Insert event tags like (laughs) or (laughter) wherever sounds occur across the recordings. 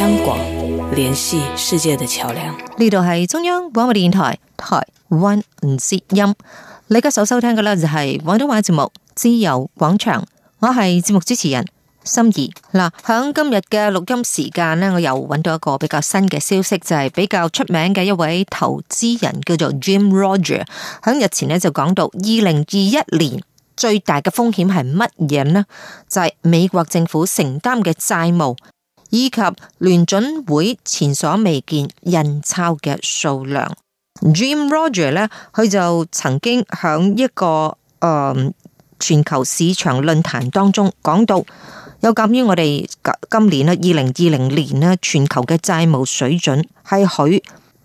香港聯繫世界的橋樑，呢度係中央廣播電台台灣之音。你家首收聽嘅咧就係廣東話節目《自由廣場》，我係節目主持人心儀。嗱，響今日嘅錄音時間咧，我又揾到一個比較新嘅消息，就係、是、比較出名嘅一位投資人叫做 Jim Rogers，響日前咧就講到二零二一年最大嘅風險係乜嘢呢？就係、是、美國政府承擔嘅債務。以及聯準會前所未見印鈔嘅數量，Jim Rogers 呢佢就曾經響一個、嗯、全球市場論壇當中講到，有鑑於我哋今年二零二零年全球嘅債務水準係佢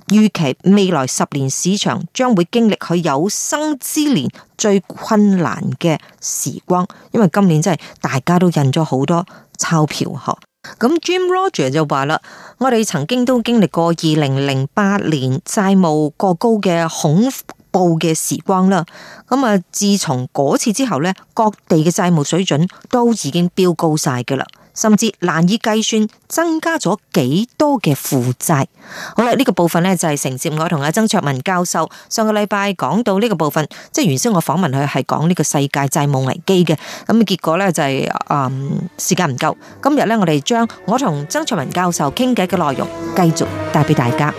預期未來十年市場將會經歷佢有生之年最困難嘅時光，因為今年真係大家都印咗好多鈔票嗬。咁 Jim Rogers 就話啦，我哋曾經都經歷過二零零八年債務過高嘅恐怖嘅時光啦。咁啊，自從嗰次之後咧，各地嘅債務水準都已經飆高晒嘅啦。甚至難以計算增加咗幾多嘅負債。好啦，呢、呢個部分呢，就係承接我同阿曾焯文教授上個禮拜講到呢個部分，即係原先我訪問佢係講呢個世界債務危機嘅，咁結果呢、就係，就、嗯、係時間唔夠。今日呢，我哋將我同曾焯文教授傾偈嘅內容繼續帶俾大家。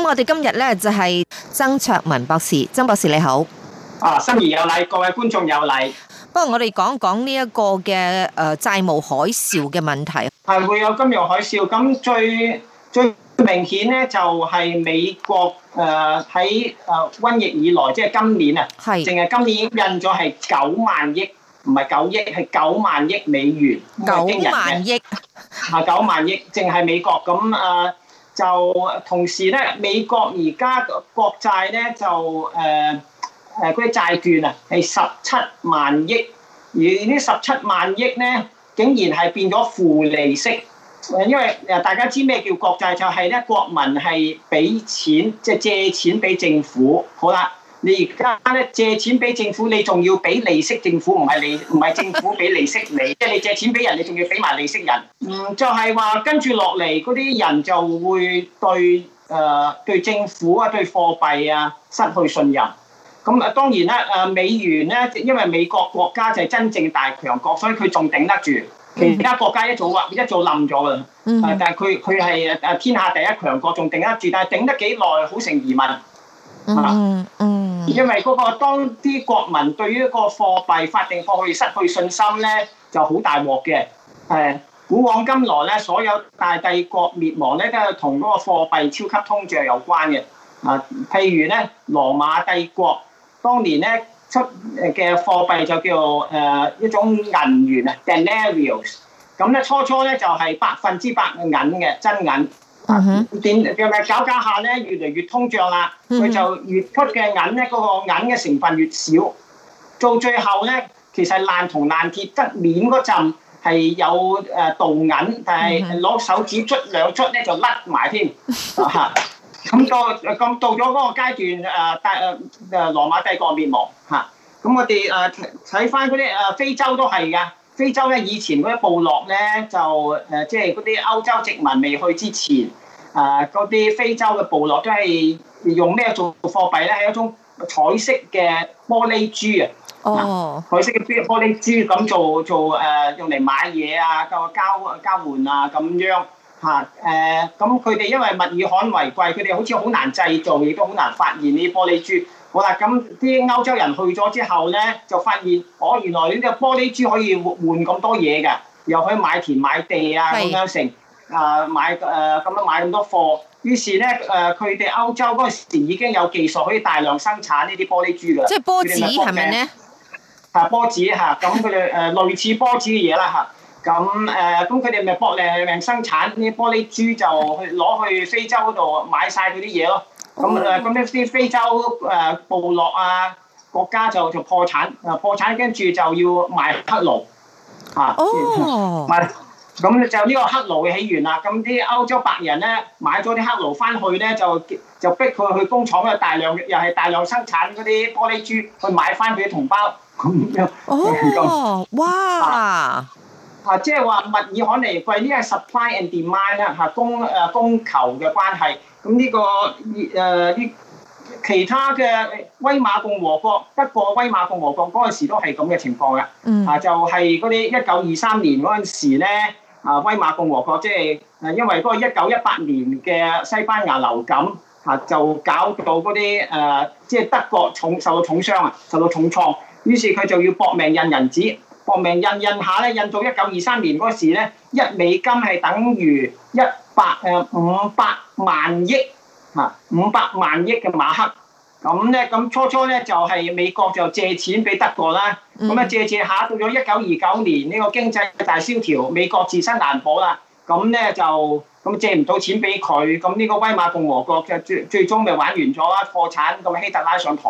咁我哋今日咧就係曾焯文博士，曾博士你好。啊，新儀有禮，各位觀眾有禮。不過我哋講講呢一個嘅誒債務海嘯嘅問題，係會有金融海嘯。咁最最明顯咧就係美國誒喺誒瘟疫以來，即係今年啊，係淨係今年印咗係九萬億，唔係九億，係九萬億美元，九萬億啊九萬億，淨係美國咁啊。就同時咧，美國而家國債咧就誒誒啲債券啊，係十七萬億，而呢十七萬億咧，竟然係變咗負利息。因為啊，大家知咩叫國債就係咧，國民係俾錢即係、就是、借錢俾政府，好啦。你而家咧借錢俾政府，你仲要俾利息政府，唔係利，唔係政府俾利息你，即係你借錢俾人，你仲要俾埋利息人。嗯，就係話跟住落嚟嗰啲人就會對誒對政府啊對貨幣啊失去信任。咁啊當然啦，誒美元咧，因為美國國家就係真正大強國，所以佢仲頂得住。其他國家一早一早冧咗噶。嗯。但係佢佢係誒天下第一強國，仲頂得住，但係頂得幾耐好成疑問。嗯嗯。因為嗰個當啲國民對於嗰個貨幣法定貨幣失去信心咧，就好大鑊嘅。係古往今來咧，所有大帝國滅亡咧，都係同嗰個貨幣超級通脹有關嘅。啊，譬如咧，羅馬帝國當年咧出嘅貨幣就叫誒、啊、一種銀元啊，denarius。咁 Den 咧初初咧就係百分之百嘅銀嘅真銀。點係咪搞搞下咧？越嚟越通脹啦，佢、嗯、哼就越出嘅銀咧，嗰、那個銀嘅成分越少，到最後咧，其實爛銅爛鐵得面嗰陣係有誒鍍銀，嗯、哼但係攞手指捽兩捽咧就甩埋添嚇。咁、嗯哼啊那個、到咁到咗嗰個階段誒，大、啊、誒羅馬帝國滅亡嚇。咁、啊、我哋誒睇翻嗰啲誒非洲都係噶。非洲咧以前嗰啲部落咧就誒，即係嗰啲歐洲殖民未去之前，啊嗰啲非洲嘅部落都係用咩做貨幣咧？係一種彩色嘅玻璃珠啊！哦，oh. 彩色嘅玻璃珠咁做做誒、呃，用嚟買嘢啊，個交交換啊咁樣嚇誒。咁佢哋因為物以罕為貴，佢哋好似好難製造，亦都好難發現呢啲玻璃珠。好啦，咁啲歐洲人去咗之後咧，就發現，我、哦、原來呢個玻璃珠可以換咁多嘢嘅，又可以買田買地啊咁樣成，啊是、呃、買誒咁樣買咁多貨，於是咧誒佢哋歐洲嗰陣時已經有技術可以大量生產呢啲玻璃珠㗎。即係波子係咪咧？係波子嚇，咁佢哋誒類似波子嘅嘢啦嚇，咁誒咁佢哋咪搏命命生產啲玻璃珠，就去攞去非洲嗰度買晒佢啲嘢咯。咁誒咁啲非洲誒部落啊國家就就破產啊破產，跟住就要賣黑奴，嚇賣、oh. 啊。咁就呢個黑奴嘅起源啦。咁啲歐洲白人咧買咗啲黑奴翻去咧就就逼佢去工廠嗰度大量，又係大量生產嗰啲玻璃珠去賣翻俾同胞咁樣。哦，哇！啊，即係話物以罕為貴，呢個 supply and demand 啦、啊、嚇供誒、啊、供求嘅關係。咁呢、這個誒啲、呃、其他嘅威瑪共和國，不過威瑪共和國嗰陣時都係咁嘅情況嘅，啊、嗯、就係嗰啲一九二三年嗰陣時咧，啊威瑪共和國即係誒因為嗰一九一八年嘅西班牙流感，啊就搞到嗰啲誒即係德國重受到重傷啊，受到重創，於是佢就要搏命印銀紙。搏命印印下咧，印到一九二三年嗰時咧，一美金係等於一百誒五百萬億嚇，五百萬億嘅馬克。咁咧咁初初咧就係美國就借錢俾德國啦。咁啊借借下，到咗一九二九年呢個經濟大蕭條，美國自身難保啦。咁咧就咁借唔到錢俾佢，咁呢個威瑪共和國就最最終咪玩完咗啦，破產，咁希特拉上台，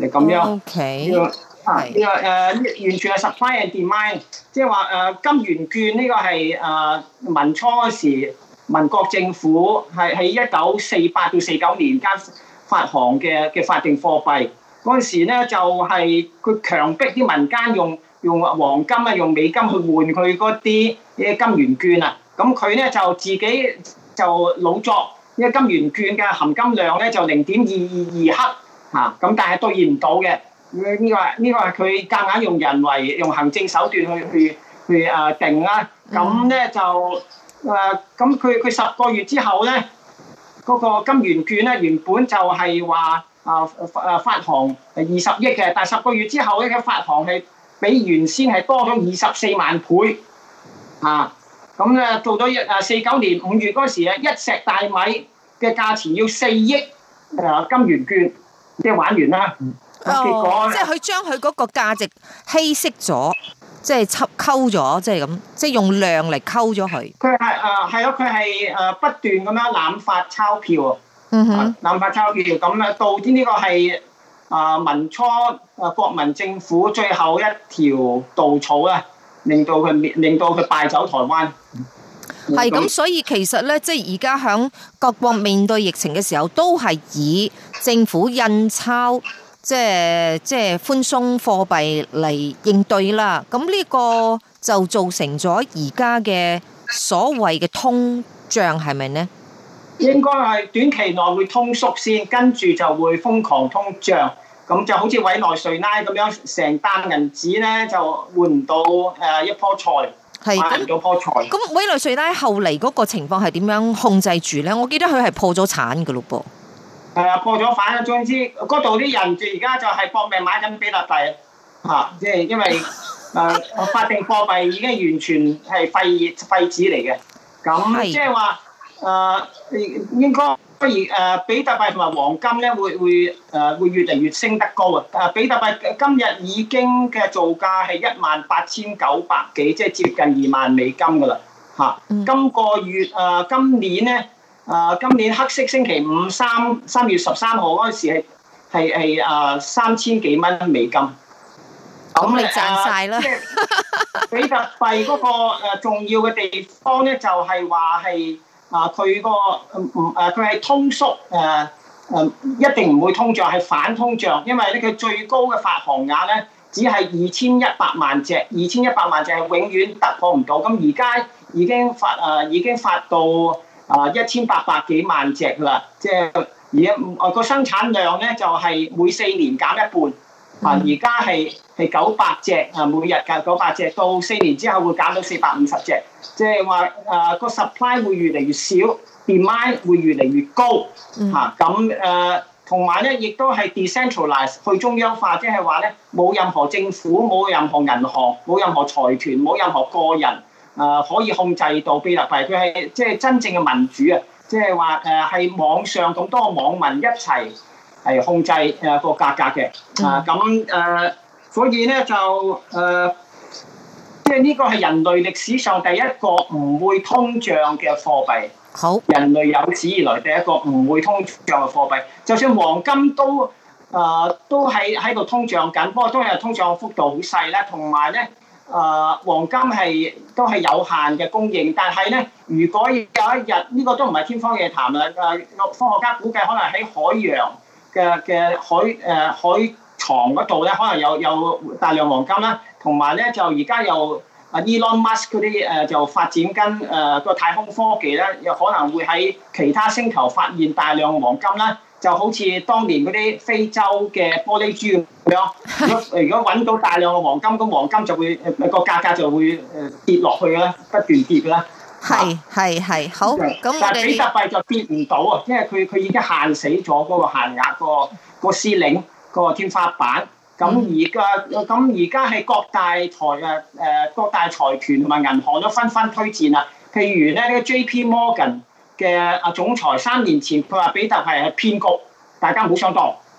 嚟咁樣。Okay. 呢個誒完全係 supply and demand，即係話誒金元券呢個係誒民初時民國政府係喺一九四八到四九年間發行嘅嘅法定貨幣。嗰陣時咧就係佢強迫啲民間用用黃金啊、用美金去換佢嗰啲嘅金元券啊。咁佢咧就自己就老作，因為金元券嘅含金量咧就零點二二二克嚇，咁但係兌現唔到嘅。呢個係呢個係佢夾硬用人為用行政手段去去去啊定啦，咁咧就啊咁佢佢十個月之後咧，嗰個金圓券咧原本就係話啊啊發行係二十億嘅，但係十個月之後咧嘅發行係比原先係多咗二十四萬倍啊！咁咧到到一啊四九年五月嗰時啊，一石大米嘅價錢要四億啊金圓券，即係玩完啦。即係佢將佢嗰個價值稀釋咗，即係抽溝咗，即係咁，即係用量嚟溝咗佢。佢係誒係咯，佢係誒不斷咁樣濫發鈔票，嗯哼，濫發鈔票，咁啊導致呢個係啊民初啊國民政府最後一條稻草啊，令到佢滅，令到佢敗走台灣。係咁的，那個、所以其實咧，即係而家響各國面對疫情嘅時候，都係以政府印鈔。即係即係寬鬆貨幣嚟應對啦，咁呢個就造成咗而家嘅所謂嘅通脹係咪呢？應該係短期內會通縮先，跟住就會瘋狂通脹，咁就好似委內瑞拉咁樣，成擔銀紙呢就換唔到誒一樖菜，係，換唔到一樖菜。咁委內瑞拉後嚟嗰個情況係點樣控制住呢？我記得佢係破咗產噶咯噃。係啊，破咗反啊！總之，嗰度啲人住而家就係搏命買緊比特幣，嚇、啊！即、就、係、是、因為啊，法定貨幣已經完全係廢廢紙嚟嘅。咁即係話，誒、就是啊、應該不如誒、啊、比特幣同埋黃金咧，會會誒、啊、會越嚟越升得高啊！比特幣今日已經嘅造價係一萬八千九百幾，即係接近二萬美金噶啦嚇。啊嗯、今個月啊，今年咧。啊！今年黑色星期五三三月十三號嗰陣時，係係係三千幾蚊美金，咁你賺晒啦！啊、 (laughs) 比特幣嗰個重要嘅地方咧，就係話係啊、佢、嗰個唔佢係通縮誒誒、啊啊、一定唔會通脹，係反通脹，因為咧佢最高嘅發行額咧只係二千一百萬隻，二千一百萬隻係永遠突破唔到。咁而家已經發誒、啊、已經發到。啊，一千八百幾萬隻啦，即係而家個生產量咧就係每四年減一半。啊，而家係係九百隻啊，每日嘅九百隻，到四年之後會減到四百五十隻。即係話啊，個 supply 會越嚟越少，demand 會越嚟越高。嚇咁誒，同埋咧亦都係 decentralize 去中央化，即係話咧冇任何政府，冇任何銀行，冇任何財團，冇任何個人。可以控制到比特幣，佢係即係真正嘅民主啊！即係話誒，係網上咁多網民一齊係控制誒個價格嘅、嗯、啊！咁誒、呃，所以咧就誒，即係呢個係人類歷史上第一個唔會通脹嘅貨幣。好，人類有史以來第一個唔會通脹嘅貨幣，就算黃金都誒、呃、都喺喺度通脹緊，不過都係通脹幅度好細啦，同埋咧。誒黃金係都係有限嘅供應，但係咧，如果有一日呢、呢個都唔係天方夜譚啦！誒科學家估計可能喺海洋嘅嘅海誒、呃、海床嗰度咧，可能有有大量黃金啦。同埋咧，就而家又阿 Elon Musk 嗰啲誒就發展緊誒個太空科技咧，又可能會喺其他星球發現大量黃金啦。就好似當年嗰啲非洲嘅玻璃珠。係啊、如果搵到大量嘅黃金，咁、嗰個、黃金就會、嗰個價格就會誒跌落去咧，不斷跌咧。係係係，好。咁但係比特幣就跌唔到啊，因為佢佢已經限死咗嗰個限額個個司令、嗰個天花板。咁而家咁而家係各大財誒誒各大財團同埋銀行都紛紛推薦啦。譬如咧，呢個 J P Morgan 嘅阿總裁三年前佢話比特幣係騙局，大家唔好上當。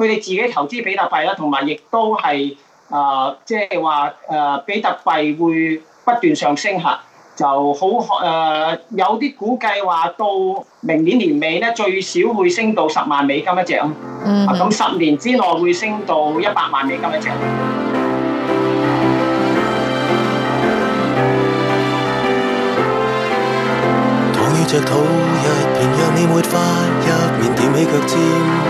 佢哋自己投資比特幣啦，同埋亦都係啊，即係話啊，比特幣會不斷上升嚇，就好誒、呃，有啲估計話到明年年尾咧，最少會升到十萬美金一隻咁、mm hmm. 啊、十年之內會升到一百萬美金一隻。嗯，嗯，嗯。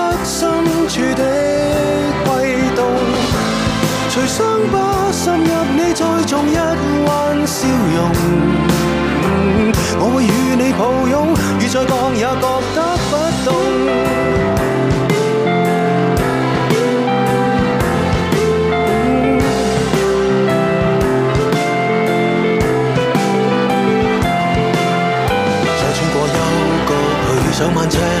深處的悸動，隨傷疤滲入你，再重一彎笑容。我會與你抱擁，雨再降也覺得不凍、嗯。 (music) 再穿過幽谷去上晚霞。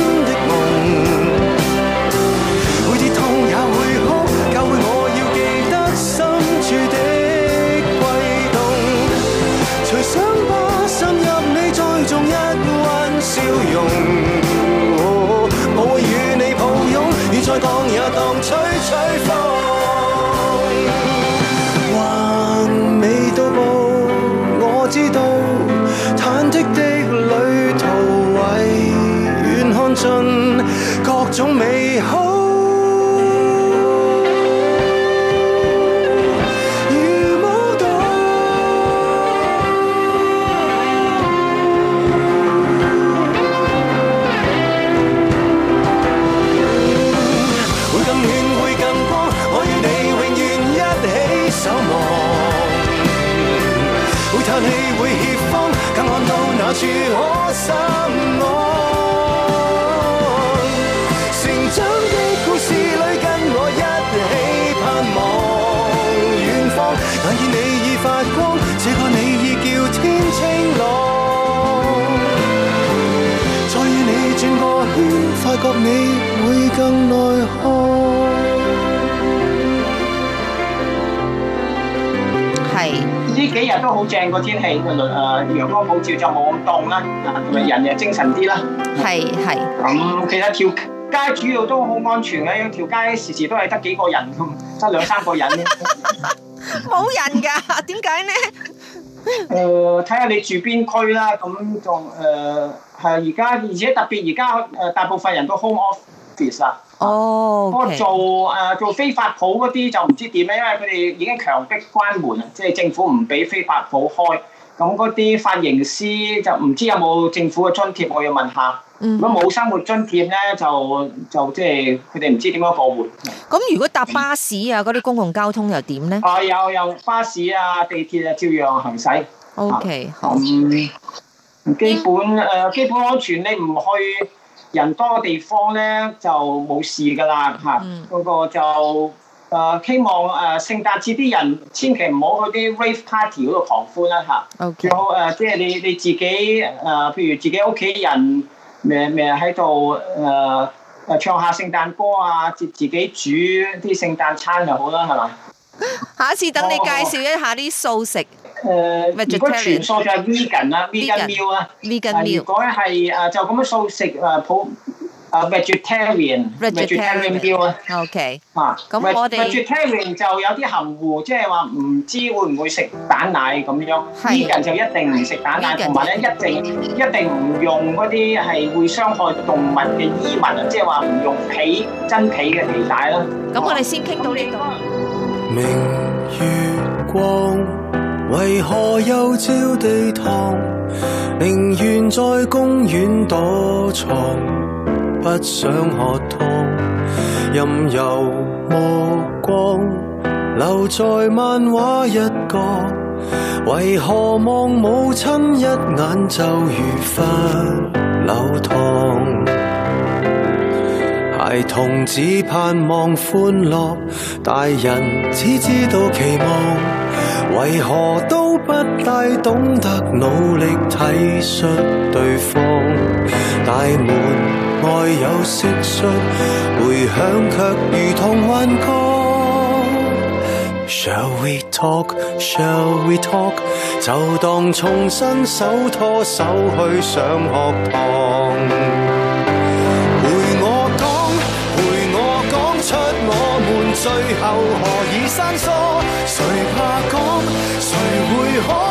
我會與你抱擁，雨再狂也當吹吹風。還未到步，我知道，忐忑的旅途唯願看盡各種美好。神啲啦，係係。咁、嗯、其實條街主要都好安全嘅，因條街時時都係得幾個人，得兩三個人，冇 (laughs) 人噶，點解咧？誒、呃，睇下你住邊區啦，咁仲誒係而家，而且特別而家誒大部分人都 home office 啊、oh, okay.。哦、呃，不過做誒做非法舖嗰啲就唔知點咧，因為佢哋已經強逼關門，即係政府唔俾非法舖開。咁嗰啲髮型師就唔知有冇政府嘅津貼，我要問下。如果冇生活津貼咧，就就即係佢哋唔知點樣過活。咁如果搭巴士啊，嗰啲公共交通又點咧？啊有有巴士啊，地鐵啊，照樣行駛。O K，好基本誒基本安全，你唔去人多嘅地方咧，就冇事噶啦嚇。嗰個就。誒、呃、希望誒、呃、聖誕節啲人千祈唔好去啲 rave party 嗰度狂歡啦、啊、嚇。Okay。有、呃、即係你你自己誒、呃，譬如自己屋企人咩咩喺度誒誒唱下聖誕歌啊，自自己煮啲聖誕餐就好啦，係咪？下次等你介紹一下啲素食。誒、呃 Vegetarian，如果全素就 vegan 啦，vegan meal 啊。vegan meal。如果係誒就咁埋素食誒普。啊，vegetarian，vegetarian 表啊，OK，嚇，咁我哋 vegetarian 就有啲含糊，即係話唔知會唔會食蛋奶咁樣，vegan 就一定唔食蛋奶，同埋咧一定一定唔用嗰啲係會傷害動物嘅衣物，即係話唔用皮真皮嘅皮帶咯。咁我哋先傾到呢度。明月光，為何又照地堂？寧願在公園躲藏。不想喝湯，任由目光留在漫畫一角，為何望母親一眼就如罰留堂？孩童只盼望歡樂，大人只知道期望，為何都不大懂得努力體恤對方？大門。愛有聲訊回響，卻如同幻覺。Shall we talk? Shall we talk? 就當重新手拖手去上學堂。陪我講，陪我講出我們最後何以生疏。誰怕講？誰會可。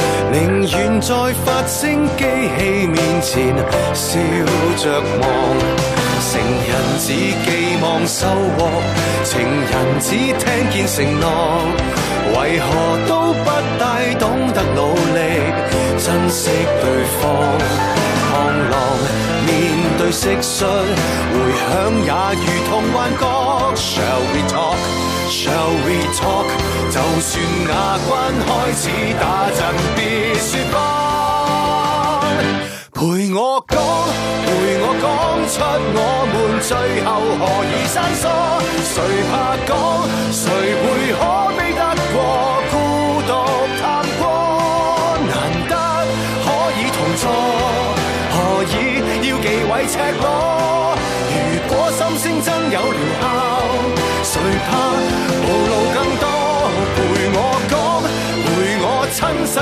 寧願在發聲機器面前笑着忙，成人只寄望收穫，情人只聽見承諾，為何都不大懂得努力珍惜對方？螳螂面對蟋蟀回響也如同幻覺，Shall we talk? Shall we talk? 就算牙關開始打震，別說謊。陪我講，陪我講出我們最後何以生疏。誰怕講？誰會可悲得過孤獨探戈？難得可以同坐，何以要忌諱赤裸？如果心聲真有療效，誰怕？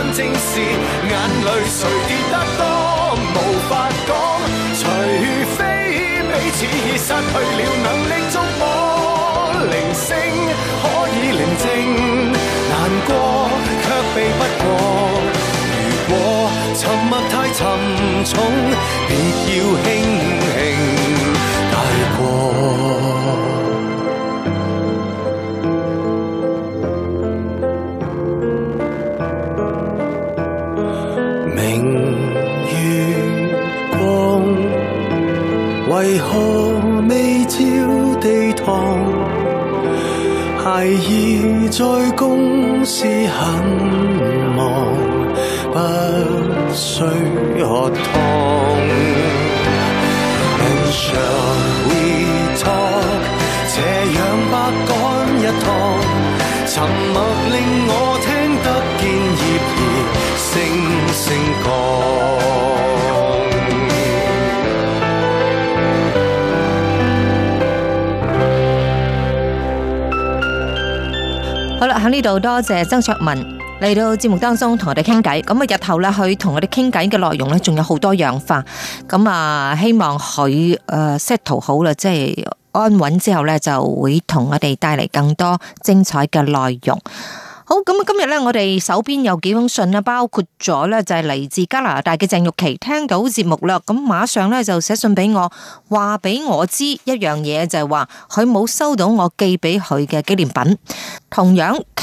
真正是眼淚誰跌得多，無法講。除非彼此已失去了能力觸摸，鈴聲可以寧靜，難過却避不過。如果沉默太沉重，別要輕。喺呢度多謝曾焯文嚟到節目當中同我哋傾偈，咁啊日後咧佢同我哋傾偈嘅內容咧，仲有好多樣化，咁啊希望佢誒 settle 好啦，即係安穩之後咧，就會同我哋帶嚟更多精彩嘅內容。好，咁啊今日咧，我哋手邊有幾封信啊，包括咗咧就係嚟自加拿大嘅鄭玉琪，聽到節目啦，咁馬上咧就寫信俾我，話俾我知一樣嘢，就係話佢冇收到我寄俾佢嘅紀念品，同樣。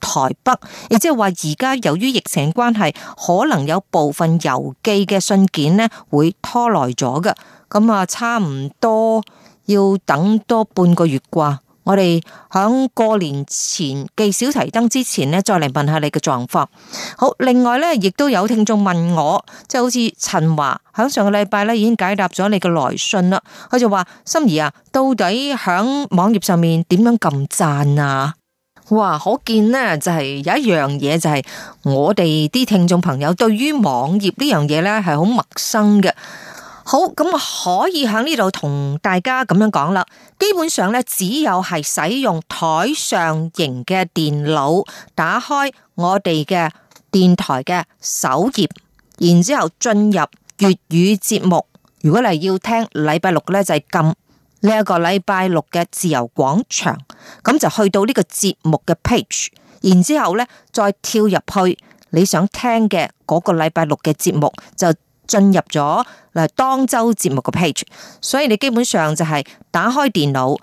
台北，亦即係話而家由於疫情關係，可能有部分郵寄嘅信件咧會拖來咗嘅。咁啊，差唔多要等多半個月啩。我哋響過年前寄小提燈之前呢，再嚟問下你嘅狀況。好，另外呢，亦都有聽眾問我，即係好似陳華響上個禮拜呢已經解答咗你嘅來信啦。佢就話：心怡啊，到底響網頁上面點樣撳讚啊？哇，可見呢，就係、是、有一樣嘢就係、是、我哋啲聽眾朋友對於網頁呢樣嘢呢係好陌生嘅。好，咁我可以喺呢度同大家咁樣講啦。基本上呢，只有係使用台上型嘅電腦打開我哋嘅電台嘅首頁，然之後進入粵語節目。如果你要聽禮拜六呢，就係咁。呢一個禮拜六嘅自由廣場，咁就去到呢個節目嘅 page，然之後咧再跳入去你想聽嘅嗰個禮拜六嘅節目，就進入咗嗱當周節目嘅 page。所以你基本上就係打開電腦，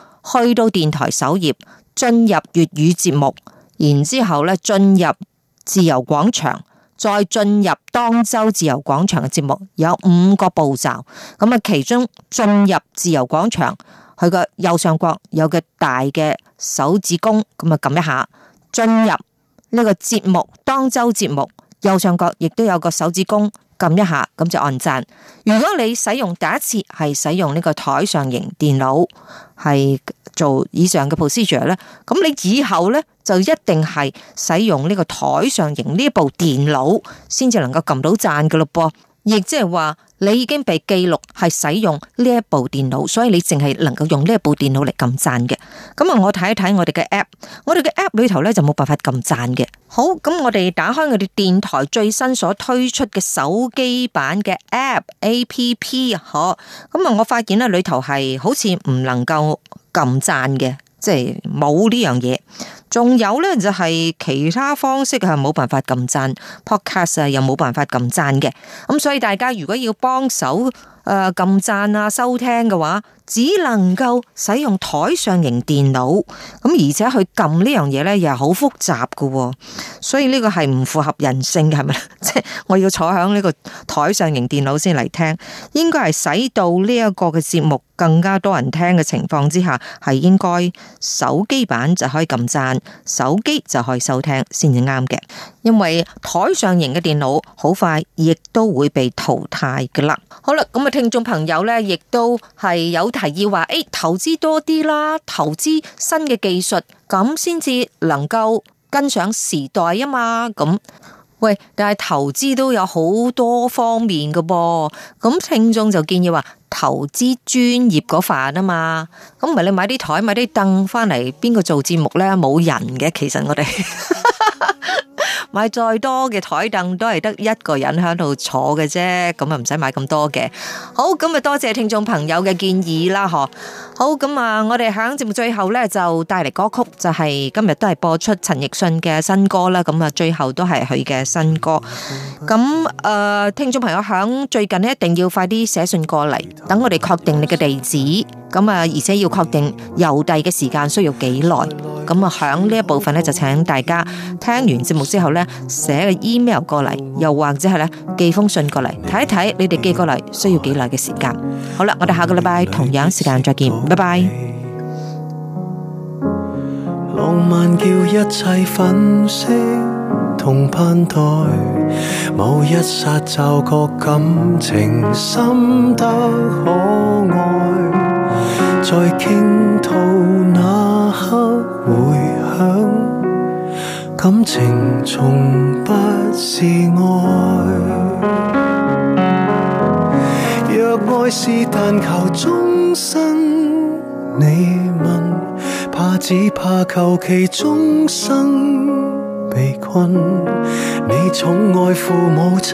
去到電台首頁，進入粵語節目，然之後咧進入自由廣場。再進入當周自由廣場嘅節目有五個步驟，咁啊，其中進入自由廣場，佢個右上角有個大嘅手指公，咁啊，撳一下進入呢個節目當周節目，右上角亦都有個手指公。撳一下咁就按贊。如果你使用第一次係使用呢個台上型電腦係做以上嘅 procedure 咧，咁你以後咧，就一定係使用呢個台上型呢一部電腦先至能夠撳到贊噶咯噃。亦即係話，你已經被記錄係使用呢一部電腦，所以你淨係能夠用呢一部電腦嚟撳讚嘅。咁啊，我睇一睇我哋嘅 app，我哋嘅 app 裏頭咧就冇辦法撳讚嘅。好，咁我哋打開我哋電台最新所推出嘅手機版嘅 app app 啊，嗬，咁啊，我發現咧裏頭係好似唔能夠撳讚嘅。即係冇呢樣嘢，仲有咧就係其他方式係冇辦法撳讚，podcast 啊又冇辦法撳讚嘅，咁所以大家如果要幫手誒撳讚啊收聽嘅話。只能夠使用台上型電腦咁，而且去撳呢樣嘢咧，又係好複雜嘅，所以呢個係唔符合人性嘅，係咪？即 (laughs) 係我要坐響呢個台上型電腦先嚟聽，應該係使到呢一個嘅節目更加多人聽嘅情況之下，係應該手機版就可以撳讚，手機就可以收聽先至啱嘅。因為台上型嘅電腦好快亦都會被淘汰噶啦。好啦，咁啊，聽眾朋友咧，亦都係有。提議話：誒、哎，投資多啲啦，投資新嘅技術，咁先至能夠跟上時代啊嘛。咁，喂，但係投資都有好多方面㗎噃。咁聽眾就建議話：投資專業嗰份啊嘛。咁唔係你買啲台買啲凳翻嚟，邊個做節目呢？冇人嘅，其實我哋。 (laughs) 買再多嘅台凳都係得一個人喺度坐嘅啫，咁啊唔使買咁多嘅。好，咁啊多謝聽眾朋友嘅建議啦，嗬。好，咁啊，我哋響節目最後咧就帶嚟歌曲就係今日都係播出陳奕迅嘅新歌啦。咁啊，最後都係佢嘅新歌。咁誒，聽眾朋友響最近咧，一定要快啲寫信過嚟，等我哋確定你嘅地址。咁啊，而且要確定郵遞嘅時間需要幾耐。咁啊，響呢一部分咧就請大家聽完節目之後咧。寫個 email 過嚟，又或者係咧寄封信過嚟，睇一睇你哋寄過嚟需要幾耐嘅時間。好啦，我哋下個禮拜同樣時間再見，拜拜。浪漫叫一切粉飾同盼待，某一剎驟覺感情深得可愛。在傾吐那刻迴響，感情從不是愛，若愛是但求終生，你問，怕只怕求其終生被困。你寵愛父母親，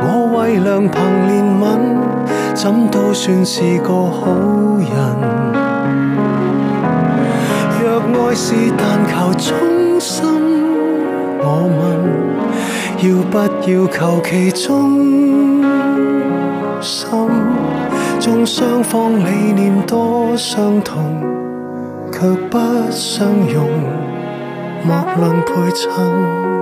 我為良朋憐憫，怎都算是個好人。愛是但求衷心，我問要不要求其忠心？縱雙方理念多相同，卻不相容，莫論配襯。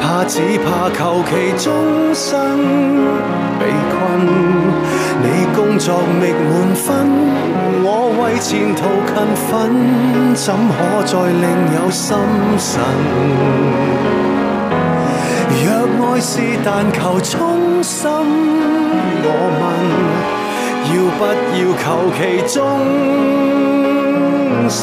怕只怕求其終生被困，你工作未滿分，我為前途勤奮，怎可再另有心神？若愛是但求衷心，我問要不要求其終生？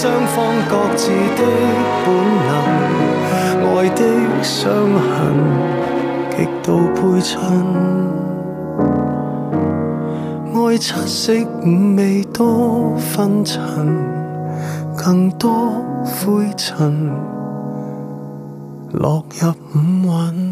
雙方各自的本能，愛的傷痕極度配襯，愛七色五味多紛陳，更多灰塵落入五蘊。